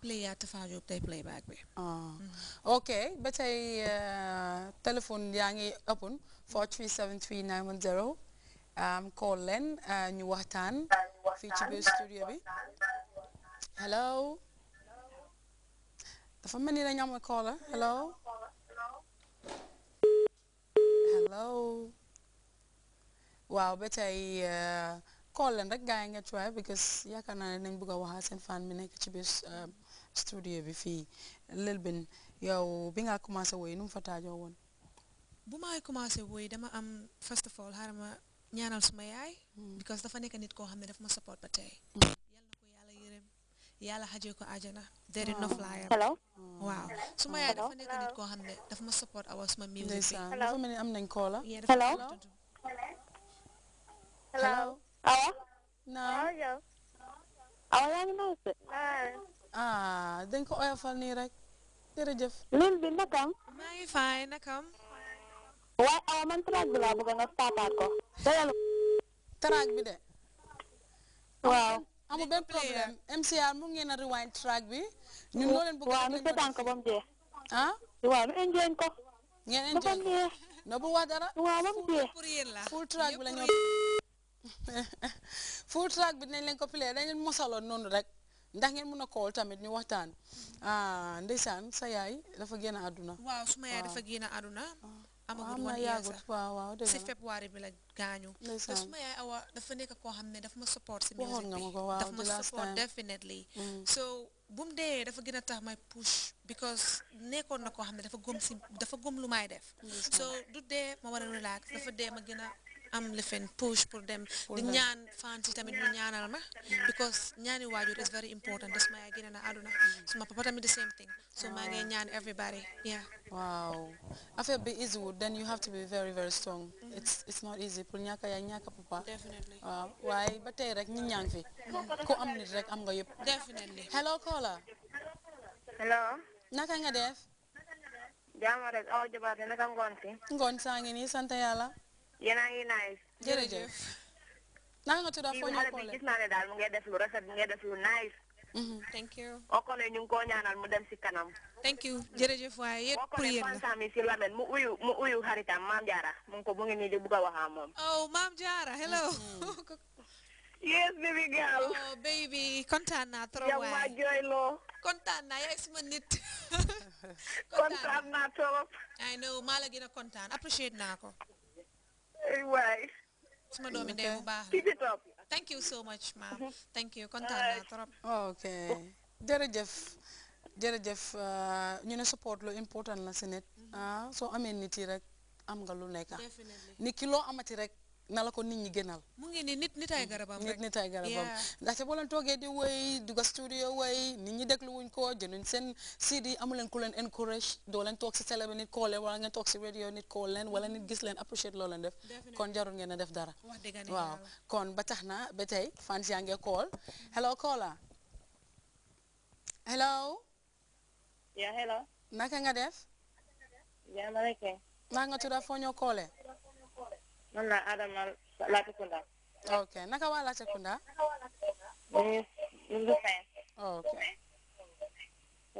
player Tafa Diop tey playback bi. Ah. Mm-hmm. ok ba tey uh, téléphone yaa ngi open 4373910 um, call leen uh, ñu waxtaan fii ci biir studio bi hello dafa mel ni dañu am call hello hello waaw ba tey uh, call leen rek gaa yi nga try because yaakaar naa ne nañ bëgg a seen fan bi nekk ci biir. studio bi fii lëlbin yow bi nga commencé woy nu mu fa taajoo woon bu maay commencé wooy dama am first of all xaaral ma ñaanal suma yaay hmm. because dafa nekk nit koo xam ne dafa ma support ba tey hmm. yal ko yàlla yërëm yàlla xajee ko ajana deri no hmm. flyer waaw suma yaay dafa nekk koo xam ne dafa ma support awa suma music bi dafa mel ne am nañ koola hello awa naa awa yaa ah dañ ko oyofal nii rek jërëjëf. lil bi nakam. maa ngi fay nakam. waaye a ah, man track bi laa bëgg nga startaat ko. dayalu. track bi de. waaw. amul benn problème MCR mu ngeen a rewind track bi. ñun loo leen bëgg waaw ñu seetaan ko ba mu jeex. ah. waaw ñu enjoy ko. ngeen enjoy ko no bu wax dara. waaw ba mu jeex full track bi la ñoo. track bi dinañ leen ko play dañ leen mosaloon noonu rek. ndax ngeen mun a call tamit ñu waxtaan ah, ndeysaan sa yaay dafa génn àdduna waaw su ma yaay dafa génn àdduna ah, amagul woon yàggul waaw waaw dëgg la si février bi la gaañu te suma yaay dafa nekk koo xam ne dafa ma support si music bi dafa ma support definitely mm. so bu mu dee dafa gën a tax may push because nekkoon na koo xam ne dafa gëm si dafa gëm lu may def so du dee ma war a relax dafa dee ma gën a am le fen push pour dem di ñaan fans yi tamit mu ñaanal ma because ñaani wajur is very important des maa génne na so ma papa tamit the same thing so ma ngay ñaan everybody yeah wow affaire be easy wood then you have to be very very strong mm-hmm. it's it's not easy pour ñaka ya ñaka papa definitely wow why? ba tay rek ñi ñaan fi ko am nit rek am nga yep definitely hello caller hello naka nga def jaama rek aw jabaate naka ngoon ngon ngoon saa ini yéen a ngi nice. jërëjëf. naa nga tudd a foo ñu koole gis naa ne daal mu ngi def lu rafet mu ngi def lu nice. Mm-hmm. thank you. okole ñu ngi koo ñaanal mu dem si kanam. thank you jërëjëf waaye yéen pour yéen mu uyu mu uyu jaara mu ngi ko mu ngi nii di bugg a oh, jaara hello. Mm-hmm. yes baby girl. oh baby kontaan naa trop waay yow maa jooyloo. kontaan naa yaay suma nit. kontaan naa trop. I know maa gën a kontaan appreciate naa ko. waay suma doomi ndey bu baax thank you so much maam mm-hmm. thank you kontaan naa ok jërëjëf jërëjëf euh, ñu ne support lu important la si nit mm-hmm. ah, soo amee nit yi rek am nga lu nekka ni loo amati rek na la ko nit ñi gënal mu ngi ni nit nit ay garabam nit nit ay garabam ndaxte boo leen toogee di wéy duga studio wéy nit ñi déglu wuñ ko jënduñ seen CD amu leen ku leen encourage doo leen toog si télé nit koo leen wala ngeen toog si radio nit koo leen wala nit gis leen appreciate loo leen def kon jarul ngeen def dara waaw kon ba tax ba tey fans yaa ngi call hello caller hello yeah hello naka nga def yaa ma nga tudd foo ñoo man la Adama Latrikunda. ok naka waa Latrikunda. ñu ngi fay. ok.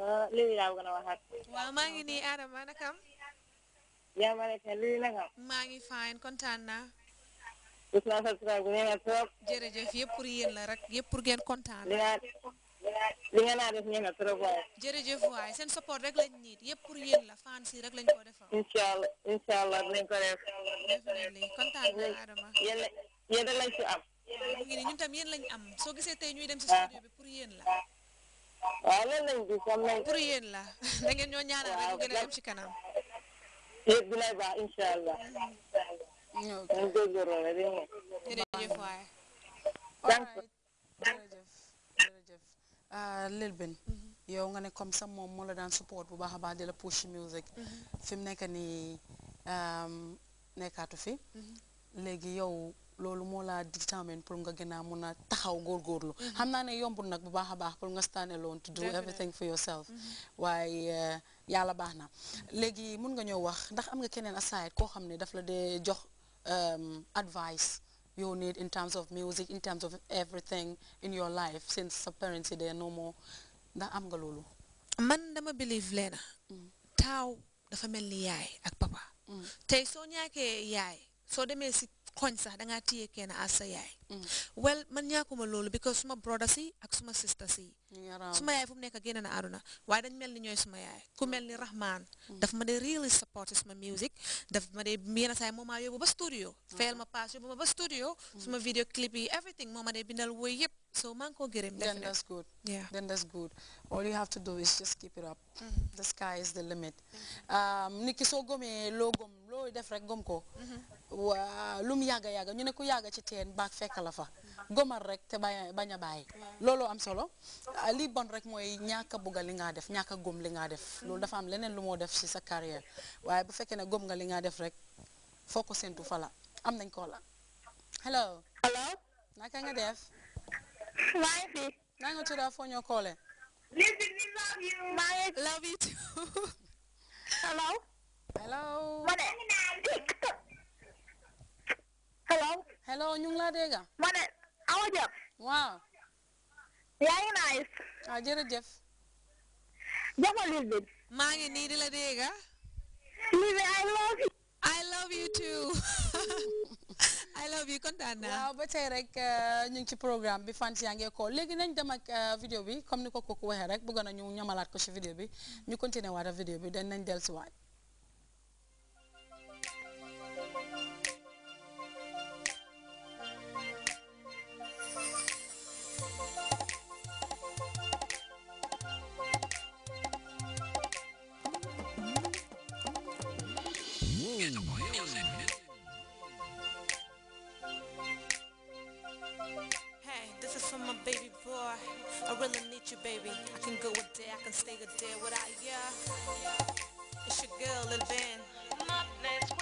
Ah, lii laa bëgg a waxaat. waaw maa ngi nii Adama nakam. yaa ma nekk lii nakam. maa ngi fine kontaan naa. gis naa subscribe bu neena trop. jërëjëf yëpp pour yéen la rek yëpp pour geen kontaan. li nga li nga naa def ñeen na trop waaye. jërëjëf waaye seen support rek la niit yëpp pour yéen la fans yi rek lañ ko defal. incha allah incha allah ko def. definitely kontaan na Adama yéen yéen tam yéen lañ am soo gisee tey ñuy dem si studio bi pour yéen la waaw loolu lañ gis am pour yéen la da ñoo ñaanal rek gën a dem ci kanam lépp bi baax incha allah ñu ah, mm-hmm. yow nga ne comme ça moom moo la daan support bu baax a baax di la push music mm-hmm. fi mu nii um, nekkaatu fi mhm. léegi yow loolu moo laa determine pour nga gën a mun a taxaw góorgóorlu mhm. xam naa ne yombul nag bu baax a baax pour nga stand alone to do everything for yourself mhm. waaye eh, yàlla baax na léegi mun nga ñëw wax ndax am nga keneen aside koo xam ne daf la dee jox ehm, advice you need in terms of music in terms of everything in your life since sa parents yi they are no more ndax am nga loolu man dama believe leena mm. taaw dafa mel ni yaay ak papa Mm. tey soo ñaakee yaay soo demee si koñ sax da ngaa kee kenn as sa yaay. Mm. well man ñaakuma loolu because suma broda si ak suma sista si. suma yaay fu mu nekk génne na àdduna waaye dañ mel ni ñooy suma yaay ku mel ni Rahman. Mm. daf ma dee really support suma music daf ma dee yenn saa yi moo ma yóbbu ba studio. fayal ma paas yóbbu ma ba studio. suma video clip yi everything moo ma dee bindal woy yëpp. so manko get him. then that's good yeah then that's good all you have to do is just keep it up mm-hmm. the sky is the limit mm-hmm. um, Niki so soo lo gom lo def rek gom ko mm-hmm. lu mu yàgga yàgga ñu ne ku yàgga ci teen baak fekk rek te bañ a bàyyi looloo am solo Ali ah, bon rek mooy ñàkk a bugga def ñàkk gom li def loolu dafa am leneen def si sa carrière waaye bu fekkee ne gom def rek foo ko séntu am nañ hello hello naka nga def Wifey. Now go to that phone you're calling. Listen, we love you. Bye. Love you too. Hello? Hello. Mana? Hello? Hello, Nhung La Dega. Mana? How are Wow. Yeah, nice. Ah, Jerry Jeff. Jeff a little bit. Mangi Nidi La Dega. Lizzie, I love you. I love you too. I love you Kondana. naa but I like rek euh, ñu ngi ci programme bi fans yaa ngi Like léegi you make ak euh, vidéo bi comme you go kooku waxee rek bëggoon going to ñamalaat you ci vidéo Be you continue with the vidéo bi dañ nañ dellusiwaat. Music. I really need you, baby. I can go a day, I can stay a day without you. It's your girl, Lil Ben. My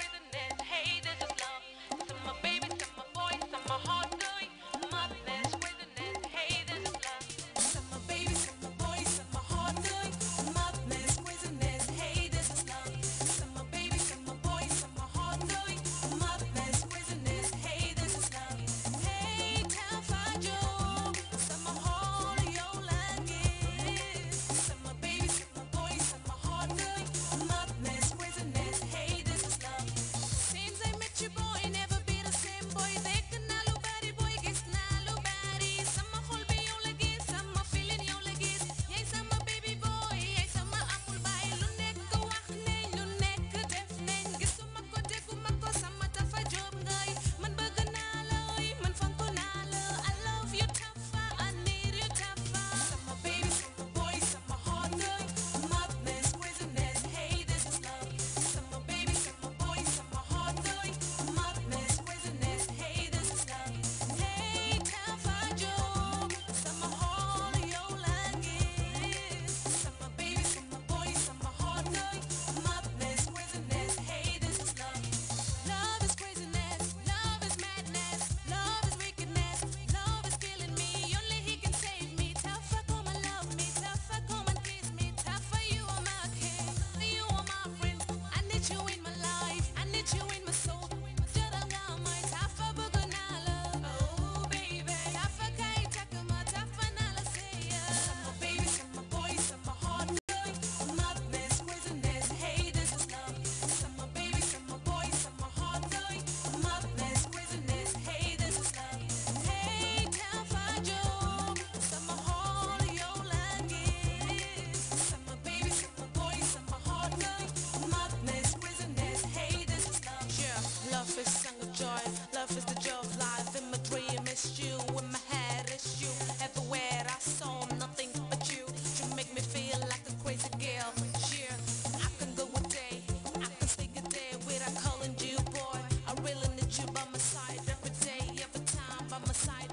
side every day, every time by my side.